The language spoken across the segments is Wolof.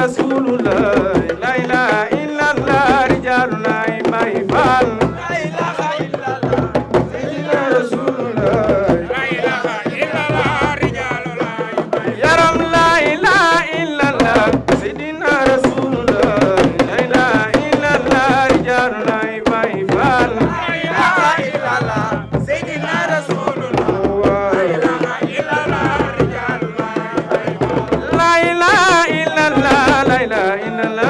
rasulullah la ilaha illallah rijaluna imahi fal la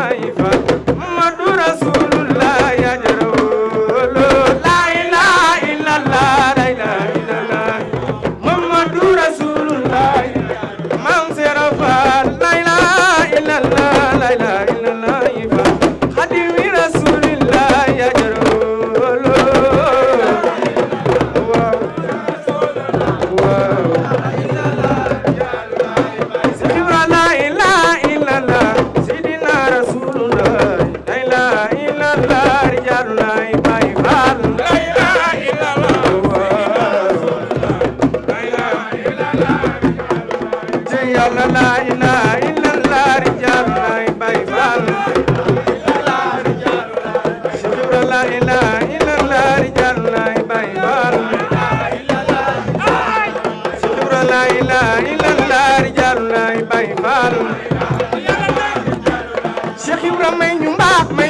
may faalu Cheikh Ibrahima may ñu mbaax may